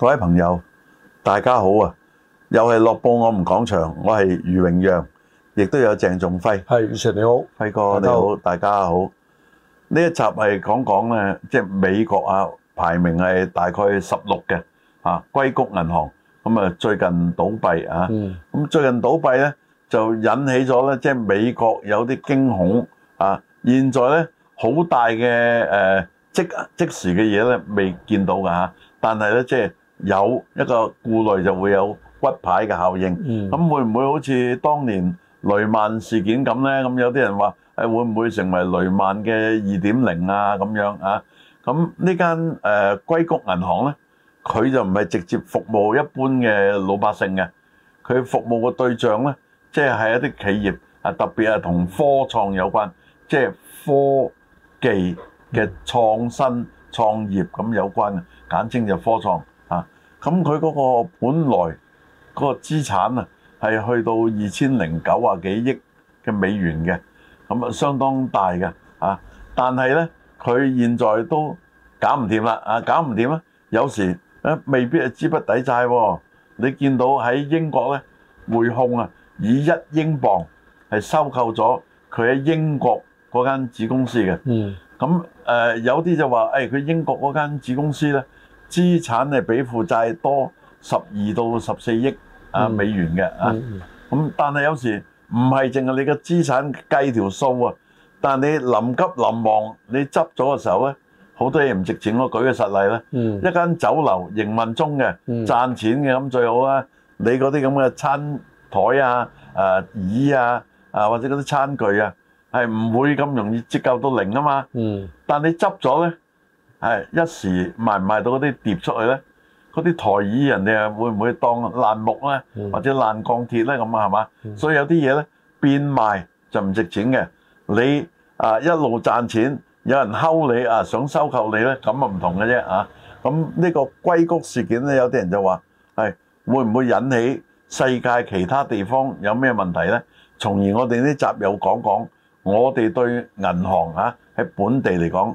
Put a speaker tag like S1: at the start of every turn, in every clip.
S1: 各位朋友，大家好啊！又係樂報我唔講場，我係余榮讓，亦都有鄭仲輝。係余 Sir，你好，輝哥你好，大家好。呢一集係講講咧，即係美國啊，排名係大概十六嘅啊，硅谷銀行咁啊，最近倒閉啊，咁最近倒閉咧就引起咗咧，即係美國有啲驚恐啊。現在咧好大嘅，誒即即時嘅嘢咧未見到噶吓，但係咧即係。有一個顧慮就會有骨牌嘅效應，咁會唔會好似當年雷曼事件咁咧？咁有啲人話誒會唔會成為雷曼嘅二點零啊？咁樣啊？咁呢間誒硅谷銀行咧，佢就唔係直接服務一般嘅老百姓嘅，佢服務嘅對象咧即係一啲企業啊，特別係同科創有關，即係科技嘅創新創業咁有關嘅，簡稱就科創。咁佢嗰個本來嗰個資產啊，係去到二千零九十幾億嘅美元嘅，咁啊相當大嘅啊。但係咧，佢現在都搞唔掂啦啊，搞唔掂啊？有時、啊、未必係資不抵債喎、哦。你見到喺英國咧，匯控啊以一英鎊係收購咗佢喺英國嗰間子公司嘅。嗯。咁、呃、誒有啲就話佢、哎、英國嗰間子公司咧。資產係比負債多十二到十四億啊美元嘅啊，咁但係有時唔係淨係你嘅資產計條數啊，但係你臨急臨忙你執咗嘅時候咧，好多嘢唔值錢咯。我舉個實例咧，一間酒樓營運中嘅賺錢嘅咁最好啊，你嗰啲咁嘅餐台啊、啊椅啊、啊或者嗰啲餐具啊，係唔會咁容易折舊到零啊嘛。但你執咗咧？係一時賣唔賣到嗰啲碟出去咧？嗰啲台椅人哋會唔會當爛木咧？或者爛鋼鐵咧咁啊？係嘛？所以有啲嘢咧變賣就唔值錢嘅。你啊一路賺錢，有人睺你啊想收購你咧，咁啊唔同嘅啫啊。咁呢個硅谷事件咧，有啲人就話係會唔會引起世界其他地方有咩問題咧？從而我哋呢集有講講，我哋對銀行啊喺本地嚟講。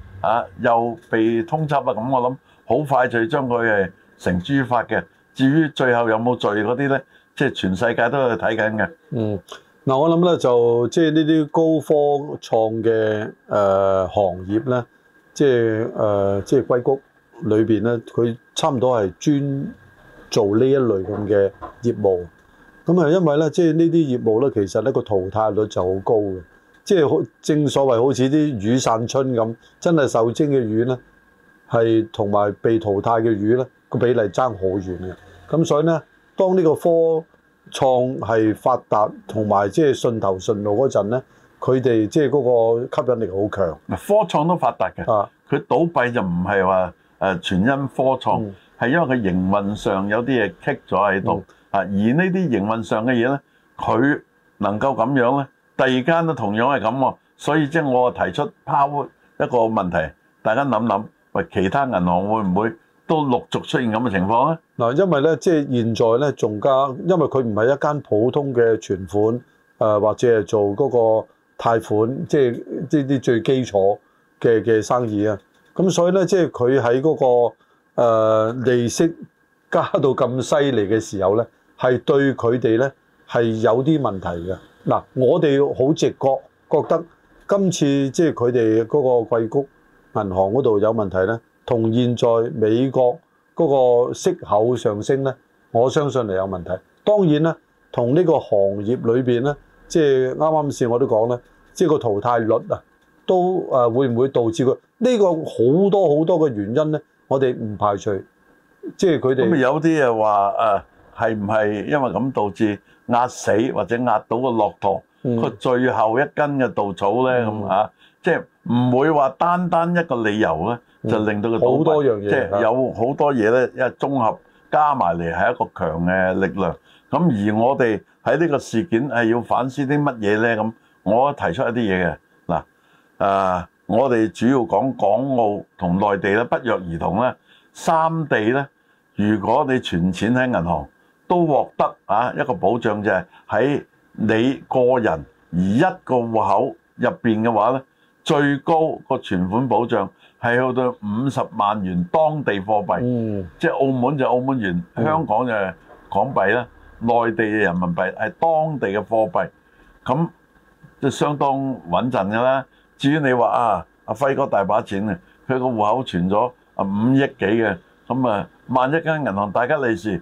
S1: 啊！又被通緝啊！咁我諗好快就將佢誒繩之於法嘅。至於最後有冇罪嗰啲咧，即係全世界都係睇緊嘅。嗯，
S2: 嗱我諗咧就即係呢啲高科創嘅誒、呃、行業咧，即係誒、呃、即係硅谷裏邊咧，佢差唔多係專做呢一類咁嘅業務。咁啊，因為咧即係呢啲業務咧，其實咧個淘汰率就好高嘅。即係好正所謂好似啲魚散春咁，真係受精嘅魚咧，係同埋被淘汰嘅魚咧，個比例爭好遠嘅。咁所以咧，當呢個科創係發達同埋即係順頭順路嗰陣咧，佢哋即係嗰個吸引力好強。
S1: 科創都發達嘅，佢倒閉就唔係話誒全因科創，係、嗯、因為佢營運上有啲嘢棘咗喺度啊。嗯、而呢啲營運上嘅嘢咧，佢能夠咁樣咧。第二間都同樣係咁喎，所以即係我提出拋一個問題，大家諗諗，喂，其他銀行會唔會都陸續出現咁嘅情況咧？
S2: 嗱，因為咧，即係現在咧，仲加，因為佢唔係一間普通嘅存款，誒或者係做嗰個貸款，即係呢啲最基礎嘅嘅生意啊。咁所以咧，即係佢喺嗰個誒利息加到咁犀利嘅時候咧，係對佢哋咧係有啲問題嘅。嗱，我哋好直覺覺得今次即係佢哋嗰個硅谷銀行嗰度有問題咧，同現在美國嗰個息口上升咧，我相信係有問題。當然啦，同呢個行業裏面咧，即係啱啱先我都講咧，即係個淘汰率啊，都誒會唔會導致佢？呢個好多好多嘅原因咧，我哋唔排除，即係佢哋。咁有啲誒話係唔係因
S1: 為咁導致？壓死或者壓到個駱駝佢最後一根嘅稻草咧，咁吓，即係唔會話單單一個理由咧，就令到佢倒閉。好多樣嘢，即係有好多嘢咧，一綜合加埋嚟係一個強嘅力量。咁而我哋喺呢個事件係要反思啲乜嘢咧？咁我提出一啲嘢嘅嗱，啊，我哋主要講港澳同內地咧，不約而同咧，三地咧，如果你存錢喺銀行。都獲得啊一個保障就係喺你個人而一個戶口入邊嘅話咧，最高個存款保障係去到五十萬元當地貨幣，即係澳門就澳門元，香港就港幣啦，內地嘅人民幣係當地嘅貨幣，咁就相當穩陣㗎啦。至於你話啊，阿輝哥大把錢啊，佢個戶口存咗啊五億幾嘅，咁啊萬一間銀行大吉利是？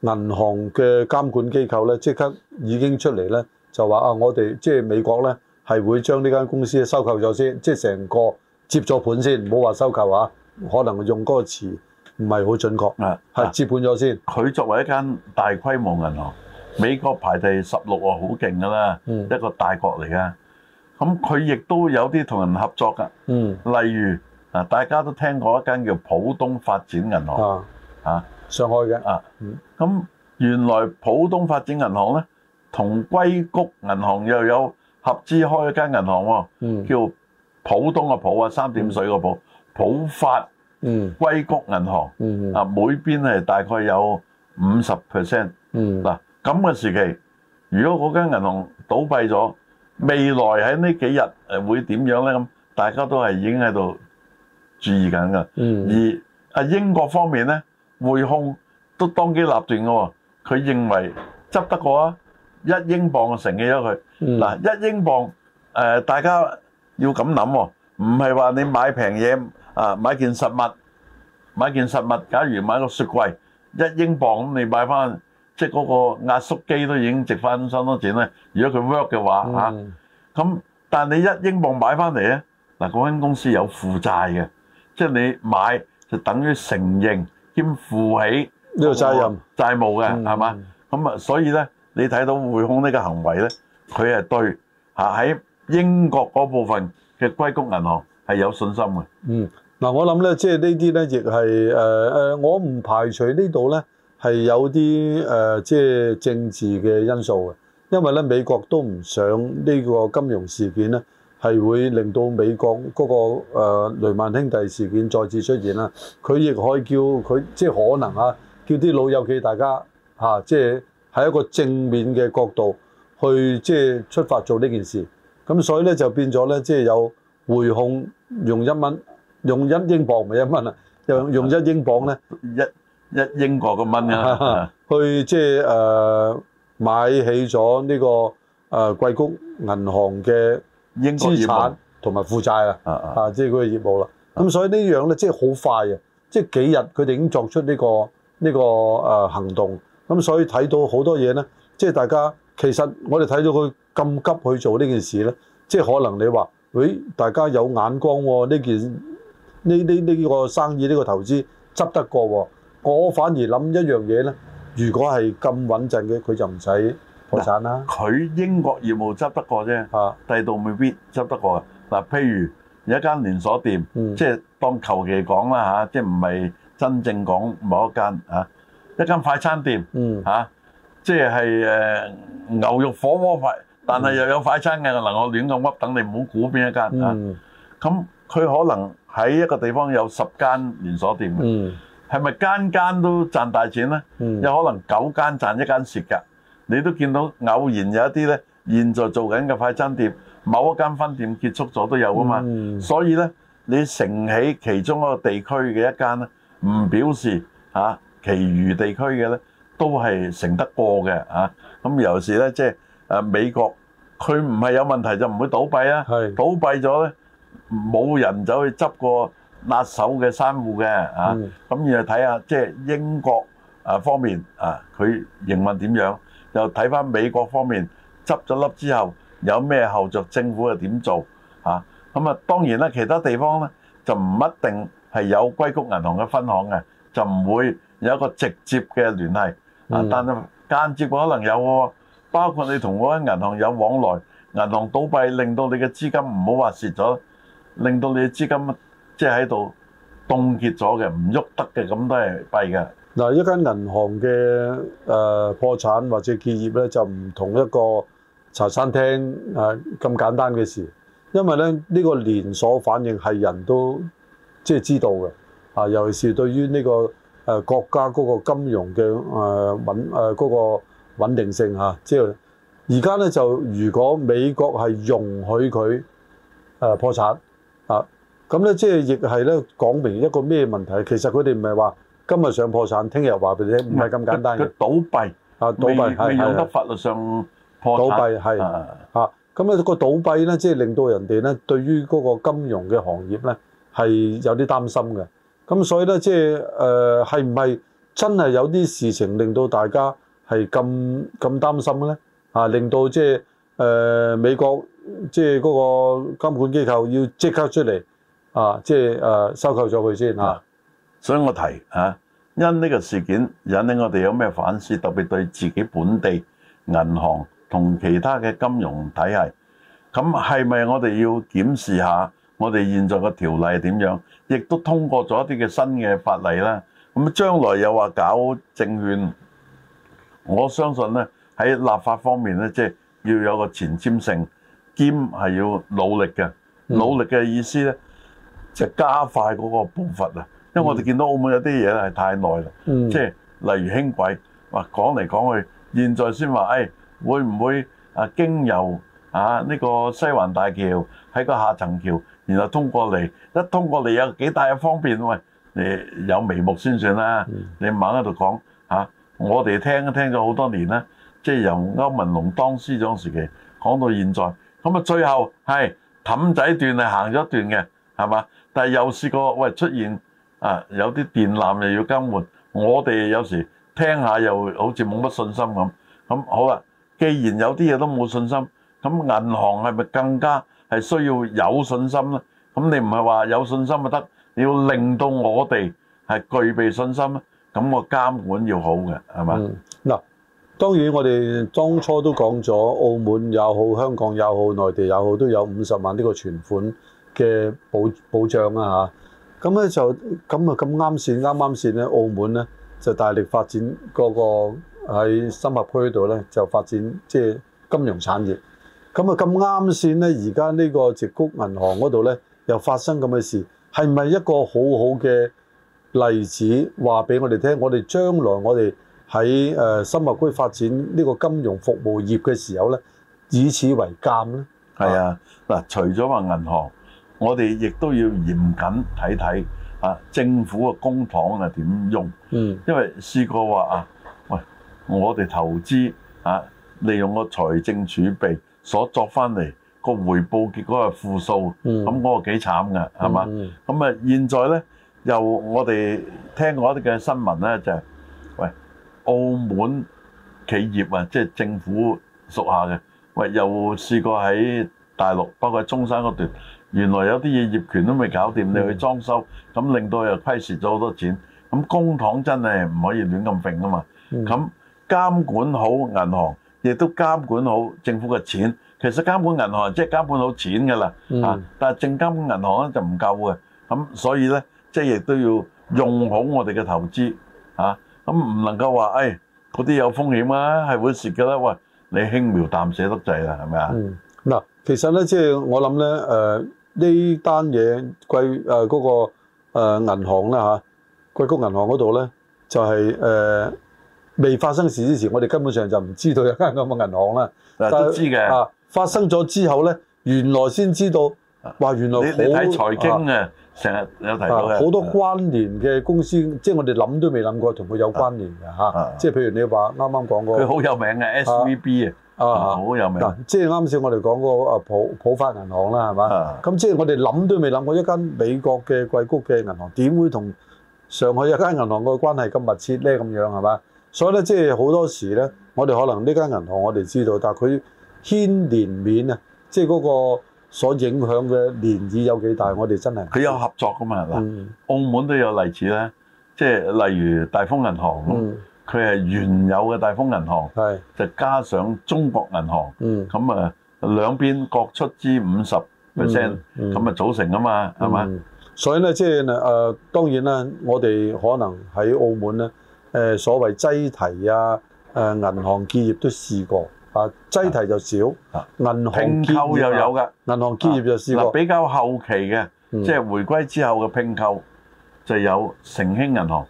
S2: 銀行嘅監管機構咧，即刻已經出嚟咧，就話啊，我哋即係美國咧，係會將呢間公司收購咗先，即係成個接咗盤先，唔好話收購啊，可能用嗰個詞唔係好準確啊，係接盤咗先。佢、啊、作為一間大規模銀行，美國
S1: 排第十六啊，好勁㗎啦，一個大國嚟㗎。咁佢亦都有啲同人合作㗎，嗯、例如啊，大家都聽過一間叫浦東發展銀行啊，嚇、啊。上海嘅啊，咁原來浦東發展銀行咧，同硅谷銀行又有合資開一間銀行喎、哦，嗯、叫浦東嘅浦啊，三點水個浦，浦發、嗯、硅谷銀行、嗯嗯、啊，每邊係大概有五十 percent。嗱咁嘅時期，如果嗰間銀行倒閉咗，未來喺呢幾日誒會點樣咧？咁、嗯嗯、大家都係已經喺度注意緊㗎。而啊英國方面咧？匯控都當機立斷嘅喎，佢認為執得過啊！一英鎊就承認咗佢嗱，一英鎊誒，大家要咁諗喎，唔係話你買平嘢啊，買件實物，買件實物，假如買個雪櫃一英鎊咁，你買翻即係嗰個壓縮機都已經值翻相當錢咧。如果佢 work 嘅話嚇咁，但係你一英鎊買翻嚟咧嗱，嗰間公司有負債嘅，即係你買就等於承認。肩負起呢個責任債務嘅係嘛，咁啊，所以咧你睇到匯控呢個行為咧，佢係對吓喺英國嗰部分嘅硅谷銀行係有信心嘅。嗯，
S2: 嗱我諗咧，即係呢啲咧亦係誒誒，我唔排除呢度咧係有啲誒即係政治嘅因素嘅，因為咧美國都唔想呢個金融事件咧。係會令到美國嗰個誒雷曼兄弟事件再次出現啦。佢亦可以叫佢即係可能啊，叫啲老友記大家、啊、即係喺一個正面嘅角度去即係出發做呢件事。咁所以咧就變咗咧，即係有匯控，用一蚊，用一英鎊咪一蚊啊？用用一英鎊咧，一一英國嘅蚊啊，啊，啊，去即係誒買起咗呢、呢個誒、啊、硅谷銀行嘅。資產同埋負債啊，啊，啊，即係嗰個業務啦。咁、啊啊、所以呢樣呢，即係好快嘅，即、就、係、是、幾日佢哋已經作出呢、這個呢、這個誒、呃、行動。咁所以睇到好多嘢呢，即、就、係、是、大家其實我哋睇到佢咁急去做呢件事呢，即、就、係、是、可能你話，誒、哎、大家有眼光喎、哦，呢件呢呢呢個生意呢、這個投資執得過喎、哦。我反而諗一樣嘢呢，如果係咁穩陣嘅，佢就唔使。嗱，佢英國業務執得過啫，第度未必執得過。嗱，譬
S1: 如有一間連鎖店，即係當求其講啦嚇，即係唔係真正講某一間嚇，一間快餐店嚇，即係誒牛肉火鍋飯，但係又有快餐嘅，嗱我亂咁噏，等你唔好估邊一間嚇。咁佢可能喺一個地方有十間連鎖店，係咪間間都賺大錢咧？有可能九間賺一間蝕㗎。你都見到偶然有一啲咧，現在做緊嘅快餐店，某一間分店結束咗都有噶嘛。所以咧，你成起其中一個地區嘅一間咧，唔表示啊，其餘地區嘅咧都係成得過嘅啊。咁尤其是咧，即係誒美國，佢唔係有問題就唔會倒閉啊。倒閉咗咧，冇人走去執過拿手嘅衫褲嘅啊。咁然後睇下即係英國啊方面啊，佢營運點樣？又睇翻美國方面執咗粒之後有咩後續，政府又點做？嚇咁啊！當然啦，其他地方咧就唔一定係有硅谷銀行嘅分行嘅，就唔會有一個直接嘅聯繫啊。嗯、但係間接可能有喎、啊，包括你同嗰間銀行有往來，銀行倒閉令到你嘅資金唔好話蝕咗，令到你嘅資金即係喺度凍結咗嘅，唔喐得嘅咁都係弊㗎。
S2: 嗱，一間銀行嘅誒破產或者結業咧，就唔同一個茶餐廳誒咁簡單嘅事，因為咧呢個連鎖反應係人都即係知道嘅，啊，尤其是對於呢個誒國家嗰個金融嘅誒穩誒嗰個穩定性嚇，即係而家咧就如果美國係容許佢誒破產啊，咁咧即係亦係咧講明一個咩問題？其實佢哋唔係話。今日上破產，聽日話俾你聽，唔係咁簡單嘅。倒閉啊，倒閉係係係。有得法律上破產，倒閉係啊，咁啊、嗰個倒閉咧，即係令到人哋咧，對於嗰個金融嘅行業咧係有啲擔心嘅。咁所以咧，即係誒，係唔係真係有啲事情令到大家係咁咁擔心咧？啊，令到即係誒美國即係嗰個監管機構要即刻出嚟啊，即係誒收購咗佢先嚇。是是所以我提啊，
S1: 因呢個事件引起我哋有咩反思，特別對自己本地銀行同其他嘅金融體系，咁係咪我哋要檢視下我哋現在嘅條例點樣？亦都通過咗一啲嘅新嘅法例啦。咁將來又話搞證券，我相信咧喺立法方面咧，即係要有個前瞻性，兼係要努力嘅。努力嘅意思咧，就加快嗰個步伐啊！因為我哋見到澳門有啲嘢係太耐啦，即係例如輕軌，啊講嚟講去，現在先話，誒會唔會啊經由啊呢個西灣大橋喺個下層橋，然後通過嚟一通過嚟有幾大嘅方便？喂，你有眉目先算啦。你猛喺度講吓，我哋聽聽咗好多年啦，即係由歐文龍當司長時期講到現在，咁啊最後係氹仔段係行咗一段嘅，係嘛？但係又試過喂出現。啊！有啲電纜又要更換，我哋有時聽下又好似冇乜信心咁。咁好啦、啊，既然有啲嘢都冇信心，咁銀行係咪更加係需要有信心咧？咁你唔係話有信心就得，你要令到我哋係具備信心。咁個監管要好嘅，係咪？
S2: 嗱、嗯，當然我哋當初都講咗，澳門又好，香港又好，內地又好，都有五十萬呢個存款嘅保保障啊嚇。咁咧就咁啊，咁啱先，啱啱先咧，澳門咧就大力發展嗰個喺深合區度咧就發展即係金融產業。咁啊咁啱先咧，而家呢個硅谷銀行嗰度咧又發生咁嘅事，係咪一個好好嘅例子話俾我哋聽？我哋將來我哋喺誒深合區發展呢個金融服務業嘅時候咧，以此為鑑咧。係啊，嗱，除咗話銀行。
S1: 我哋亦都要嚴謹睇睇啊，政府嘅公帑啊點用？嗯、因為試過話啊，喂，我哋投資啊，利用個財政儲備所作翻嚟個回報結果係負數，咁嗰、嗯、個幾慘㗎，係嘛？咁啊，現在咧又我哋聽過一啲嘅新聞咧，就係、是、喂澳門企業啊，即、就、係、是、政府屬下嘅喂，又試過喺大陸，包括中山嗰段。原來有啲嘢業權都未搞掂，你去裝修，咁令到又虧蝕咗好多錢。咁公帑真係唔可以亂咁揈㗎嘛？咁監管好銀行，亦都監管好政府嘅錢。其實監管銀行即係監管好錢㗎啦。嚇，但係淨監管銀行就唔夠嘅。咁所以咧，即係亦都要用好我哋嘅投資。嚇，咁唔能夠話誒嗰啲有風險啊，係會蝕㗎啦。喂，你輕描淡寫得滯啦，係咪啊？
S2: 嗱，其實咧，即係我諗咧，誒。呢單嘢硅誒嗰、呃那個誒、呃、銀行啦嚇、啊，硅谷銀行嗰度咧就係誒未發生事之前，我哋根本上就唔知道有間咁嘅銀行啦。大家知嘅啊，發生咗之後咧，原來先知道，哇原來好你睇財經嘅
S1: 成日有提到嘅好、啊、
S2: 多關聯嘅公司，的即係我哋諗都未諗過同佢有關聯嘅嚇。即係、啊、譬如你話啱啱講過，佢好有名嘅 S V B 嘅。啊，好有名嗱，即係啱先我哋講個啊浦浦發銀行啦，係嘛？咁即係我哋諗都未諗過一間美國嘅硅谷嘅銀行點會同上海一間銀行嘅關係咁密切咧？咁樣係嘛？所以咧，即係好多時咧，我哋可能呢間銀行我哋知道，但係佢牽連面啊，即係嗰個所影響嘅年意有幾大？我哋真係佢有合作㗎嘛？係嘛？澳
S1: 門都有例子咧，即係例如大豐銀行咯。佢係原有嘅大豐銀行，就加上中國銀行，咁啊兩邊各出資五十 percent，咁啊組成啊嘛，係嘛？
S2: 所以咧，即係誒當然啦，我哋可能喺澳門咧，誒所謂擠提啊，誒銀行結業都試過，啊擠提就少，銀行拼購又有㗎，銀行結業就試過。比
S1: 較後期嘅，即係回歸之後嘅拼購，就有成興銀行，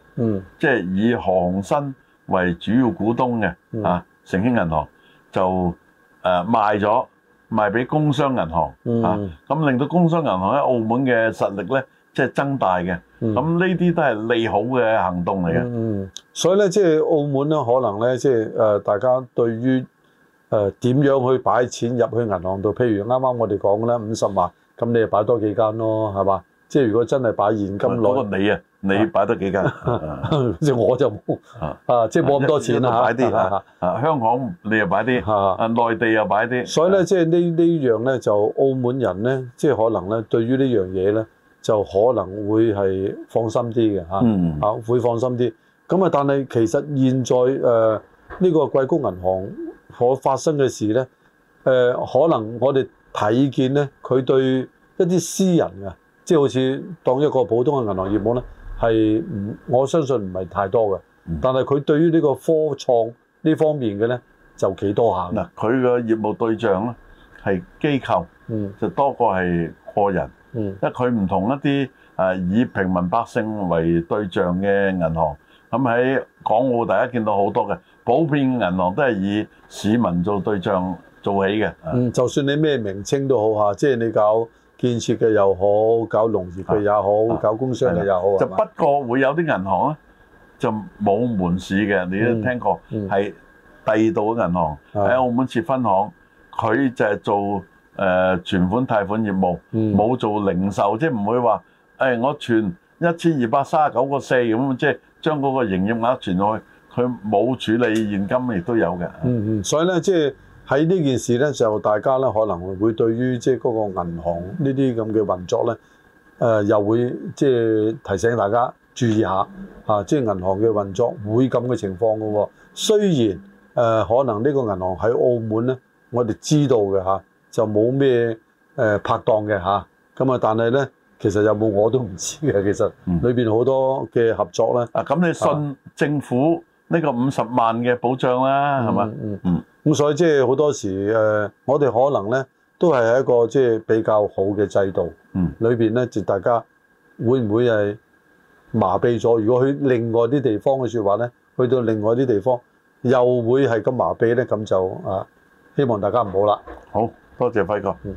S1: 即係以何鴻燊為主要股東嘅啊，城興銀行就誒、呃、賣咗賣俾工商銀行、嗯、啊，咁令到工商銀行喺澳門嘅實力咧，即係增大嘅，咁呢啲都係利好嘅行動嚟嘅、嗯。嗯，
S2: 所以咧，即係澳門咧，可能咧，即係誒大家對於誒點、呃、樣去擺錢入去銀行度，譬如啱啱我哋講咧，五十萬，咁你就擺多幾間咯，係嘛？即、就、係、是、如果真係擺現金攞嗰個尾啊！你擺得幾間？即係 我就冇 啊，即係冇咁多錢嚇。啊， 香港
S1: 你又擺啲，啊 內地又擺啲。
S2: 所以咧，即、就、係、是、呢呢樣咧，就澳門人咧，即、就、係、是、可能咧，對於這呢樣嘢咧，就可能會係放心啲嘅嚇，嗯、啊會放心啲。咁啊，但係其實現在誒呢、呃這個硅谷銀行所發生嘅事咧，誒、呃、可能我哋睇見咧，佢對一啲私人嘅，即、就、係、是、好似當一個普通嘅銀行業務咧。嗯。係唔，我相信唔係太多嘅，但係佢對於呢個科創呢方面嘅咧，就幾多下的。嗱，佢嘅業務對象咧係機構，嗯、就多過係個人，
S1: 因為佢唔同一啲誒、啊、以平民百姓為對象嘅銀行。咁喺港澳，大家見到好多嘅普遍的銀行都係以市民做對
S2: 象做起嘅。的嗯，就算你咩名稱都好嚇，即係你搞。建設嘅又好，搞農業嘅又好，啊啊、搞工商嘅又好，啊啊、吧就不
S1: 過會有啲銀行咧就冇門市嘅，你都聽過，係第二度嘅銀行喺、嗯、澳門設分行，佢就係做誒、呃、存款貸款業務，冇、嗯、做零售，即係唔會話誒、哎、我存一千二百三十九個四咁，即係將嗰個營業額存落去，佢冇處理現金，亦都有嘅。
S2: 嗯嗯，所以咧即係。喺呢件事咧，就大家咧可能會對於即係嗰個銀行呢啲咁嘅運作咧，誒、呃、又會即係提醒大家注意下嚇，即、啊、係、就是、銀行嘅運作會咁嘅情況噶喎、哦。雖然誒、呃、可能呢個銀行喺澳門咧，我哋知道嘅嚇就冇咩誒拍檔嘅嚇，咁啊，但係咧其實有冇我都唔知嘅，其實裏邊好多嘅合作咧。啊、嗯，咁你信政府呢個五十萬嘅保障啦，係嘛、嗯？嗯。.咁所以即係好多時誒、呃，我哋可能咧都係一個即係比較好嘅制度，嗯，裏面呢，咧就大家會唔會係麻痹咗？如果去另外啲地方嘅說話咧，去到另外啲地方又會係咁麻痹咧，咁就啊，希望大家唔好啦。好多謝輝哥。嗯。